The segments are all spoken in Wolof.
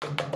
Thank you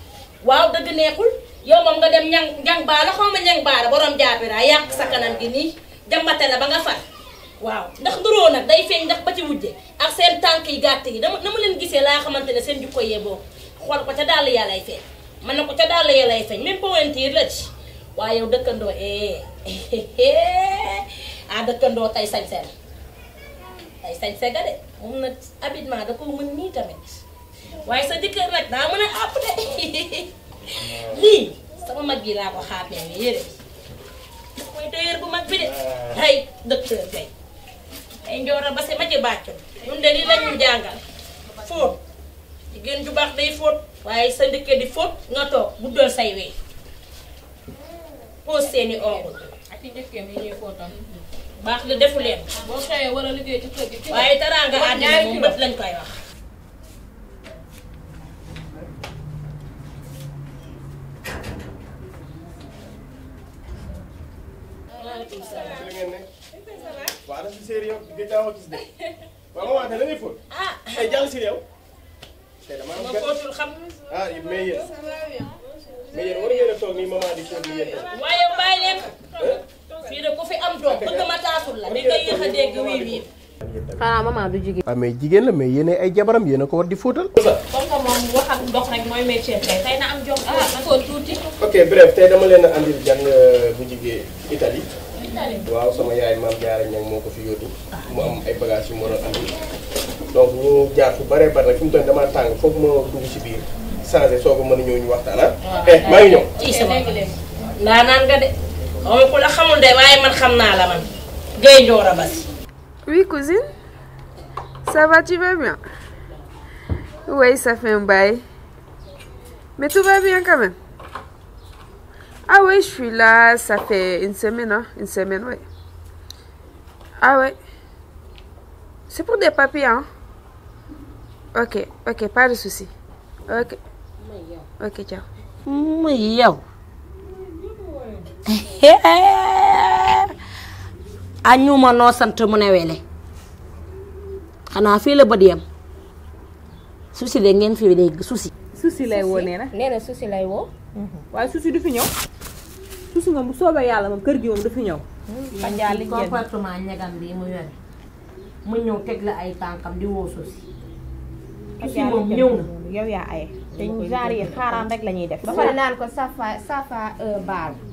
waaw dëgg neexul yow moom nga dem ñang ñang baara xaw ma ñang baara borom jaabira yàq sa kanam gi nii jambate la ba nga far waaw ndax nduroo nag day feeñ ndax ba ci wujje ak seen tànk yi gàtt yi dama na leen gisee laa xamante ne seen jukko yee boobu ko ca dàll yàllay feeñ mën na ko ca dàll yàllay feeñ même pointure la ci waaye yow dëkkandoo eh ah dëkkandoo tey sañ-sañ tey sañ ga de moom nag habillement da ko mën nii tamit waaye sa jëkkër nag daa mën a àpp de lii sama mag yi laa ko xàmmee ne bu mag bi de ay docteur Guèye ay njoora ba si ma ci bàccu ñun de lii la ñu jàngal fóot jigéen ju baax day fóot waaye sa njëkkër di fóot nga toog guddal say wey pose seeni ongle ak ci njëkkër baax na defu leen boo xëyee war moom bët lañ koy wax maaleykum salaam. ci waaye bàyyi du jigéen. ah mais ah. jigéen la mais yéenay ay jabaram yéen ko war di fóotal. comme que moom wax ndox rek mooy métier tey tey am jox ah man ah, tuuti. ok bref tey dama leen andil jàng bu eh, jigéen Italie. waaw sama yaay maam jaara ñag moo ko fi yónni mu am ay bagages yu mu a am donc ñu jaar fu bare bare nag fi mu toll damaa tàng foofu ma dugg si biir changé soo ko mën a ñëw ñu waxtaan ah. eh maa ngi ñëw. ndaa naan nga de xaw ma la xamul de waaye man xam naa la man Guèye Ndiora Basi. oui cousine ça va tu bien. oui ça fait un mais tout va bien Ah ouais, je suis là, ça fait une semaine, hein? Une semaine, ouais. Ah ouais. C'est pour des papiers, hein? Ok, ok, pas de souci. Ok. Ok, ciao. Yo. a ñuma noo sant mon ne wele xanaa fii la bët yam susi de ngeen fi dégg susi susi lay woo nee là nee na susi lay woo waaye souci du fi su su moom bu soobee yàlla moom kër gi moom fi ñëw. Fatia li comportement ñagam bi mu yore mu ñëw teg la ay tànkam di woosu si. Fatia moom ñëw na yow yaa ay. te genre yi xaaraan rek la ñuy def. ba pare naan ko safa safa euh, baal.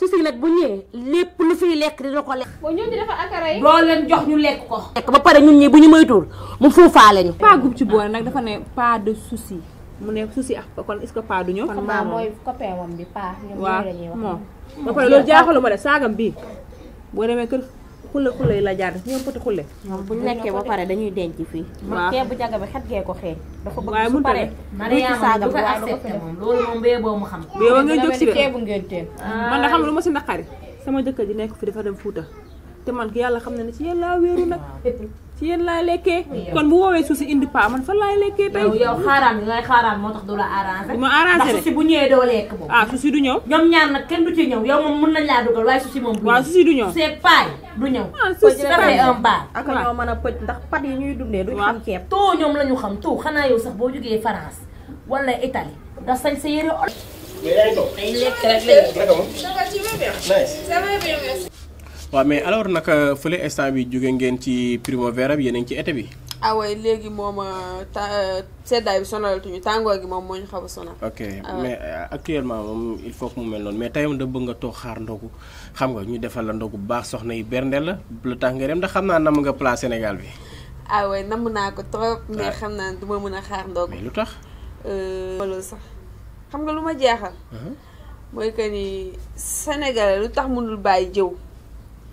su si nag bu ñëwee lépp lu fiy lekk dina ko lekk. bon ñooñu dafa akara yi. loo leen jox ñu lekk ko. lekk ba pare ñun ñëw bu ñu moytuwul mu fuufaale ñu. pas gub ci boole nag dafa ne pas de souci mu ne souci ak kon est-ce que pas du ñëw. kon maa mooy copain wam bi pas. ñoom moom. ba pare loolu jaaxaluma de saagam bii boo demee kër. xule xule yi la jaar def ñoom poti xule. ñoom bu ñu lekkee ba pare dañuy denc fii. waaw kee bu jaga bi xet gee ko xeeñ. dafa bëgg su paree. mariama du ko accepté bee boo mu xam. ba ngay jóg si de ceebu ngeen teel. man da xam lu ma si naqari. sama jëkkër ji nekk fii dafa dem Fuuta te man yàlla xam na ne ci yàlla wéeru nag. ci yéen laay lekkee. kon bu woowee suuf si indi paa man fan laay lekkee tey. yow xaaraan bi ngay moo tax du la arrangé. du ma bu ñëwee doo lekk moom. ah suuf du ñëw. ñoom ñaar nag kenn du ci ñëw yow moom mën nañ laa dugal waaye suuf moom. du ñëw du ñëw. c'est paay du ñëw. ah dafay un baar. ak ñoo a pëj ndax pat yi ñuy dundee duñ xam ceeb. tout ñoom la ñu xam tout xanaa yow sax boo jógee France wala Italie nga sañ sa yére. mais yaa ngi toog. ay lekk rek la waaw mais alors naka fële instant bi jóge ngeen ci primavera bi yéen a ci été bi. ah oui léegi moom euh, ta euh, seddaay bi sonalatuñu tàngoor gi moom moo ñu xaw a sonal. ok ah mais euh, actuellement moom il faut que mu mel noonu mais tey moom da bëgg nga toog xaar xam nga ñu defal la ndogu bu baax soxna yi berndeel la lu tax nga dem ndax xam naa nam nga place Sénégal bi. ah nam naa ko trop. Ah. mais xam naa du ma mën a xaar ndogu. lu tax. loolu sax xam nga lu ma jeexal. Uh-huh. mooy que ni Sénégal lu tax mënul bàyyi jëw.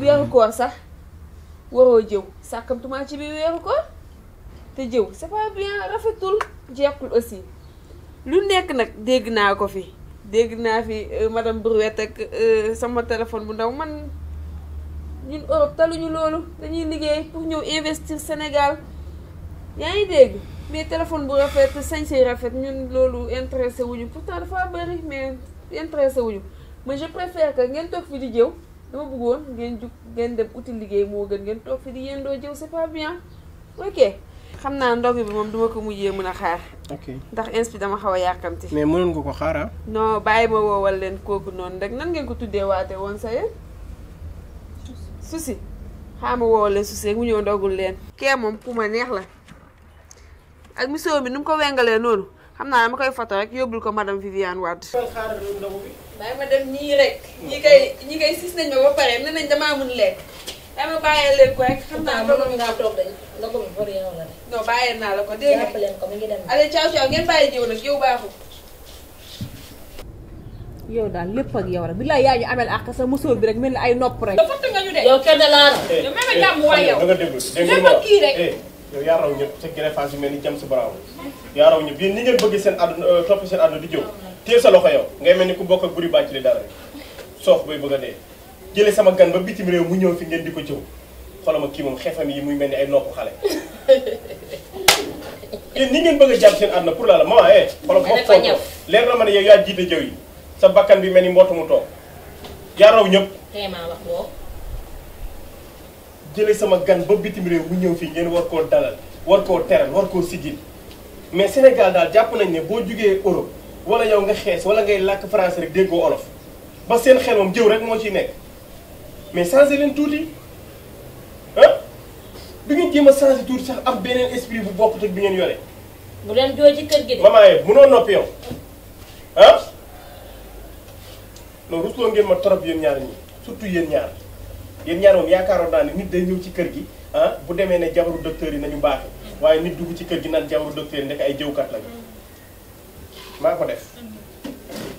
weeru koor sax waroo jëw sàkkamtumaa ci biir weeru koor te jëw c'est pas bien rafetul jekkul aussi lu nekk nag dégg naa ko fi dégg naa fi euh, madame Brouette ak euh, sama téléphone bu ndaw man ñun Europe taluñu loolu dañuy liggéey pour ñëw investir Sénégal yaa ngi dégg mais téléphone bu rafet sañse rafet ñun loolu intéressé wuñu pourtant dafa bëri mais intéressé wuñu ma je préfère que ngeen toog fi di jëw dama bëggoon ngeen jug ngeen dem uti liggéey moo gën ngeen toog fi di doo jëw c'est pas bien ok xam naa ndog bi moom duma ko mujjee mën a xaar ndax inspi dama xaw a yàkkamti mais mënoon nga ko xaara ah? non bàyyi ma woowal leen kooku noonu rek nan ngeen ko tuddee waate woon sa yéen susi xaar ma woowal leen susi rek mu ñëw ndogul leen kee moom ku ma neex la ak missoo bi nu mu ko wengalee noonu xam naa dama koy foto rek yóbbul ko madame Viviane Wade. bàyyi ma dem ñii rek. ñi koy ñi koy sis nañ ba pare nee nañ damaa mun lekk. dama bàyyee naa la de. non la ko dégg nga ko mi ngi dem. yow baaxul. yow daal lépp ak yow rek bi la yaa ñu amel ak sa musóor bi rek mel ni ay nopp rek. yow yaa raw ñëpp sa greffage yu mel ni jam sa bravo yaa raw ñëpp yéen ñi ngeen bëgg seen àdduna euh, topp seen àdduna di jëw téye sa loxo yow ngay mel ni ku bokk ak buri bàcc li dara soof bay bëgg a dee jëlee sama gan ba bitim réew mu ñëw fi ngeen di ko jëw xolama kii moom xeefam yi muy mel ni ay nopp xale yéen ni ngeen bëgg a jàpp seen àdduna pour la la maman eh xolam moom leer na ma yaa jiite jëw yi sa bakkan bi mel ni mbootu mu toog yaa raw ñëpp jëlé sama gan ba bitim réew mu ñëw fi ngeen war ko dalal war ko téral war ko sigil mais Sénégal daal japp nañ né bo jugee Europe wala yow nga xees wala ngay lak france rek déggo olof ba seen xel mom jëw rek mo ci nekk mais changé leen touti hein bi ngeen jima a changé sax am benen esprit bu bokk ak bi ngeen yoré bu len do ci kër gi de. maman yi munoo noppi yow hein lo rusloo ngeen ma torop yeen ñaar ñi surtout yeen ñaar. yéen ñaar moom yaakaaroon naa ne nit day ñëw ci kër gi ah bu demee ne jabaru docteur yi nañu baaxe waaye nit dugg ci kër gi naan jabaru docteur yi ndek ay jëwkat lañu maa ko def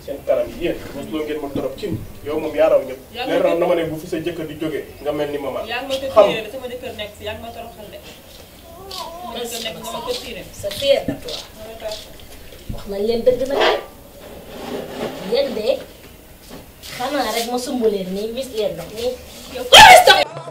seen kanam yi yéen mosuloo ngeen ma torop cin yow moom yaa raw ñëpp leer na na ma bu fi sa jëkkër di jógee nga mel ni maman xam sama ma toroxal de sama jëkkër nekk nga ma ko tiire sa fier na toi wax nañ leen dëgg nag de xanaa Eu tô...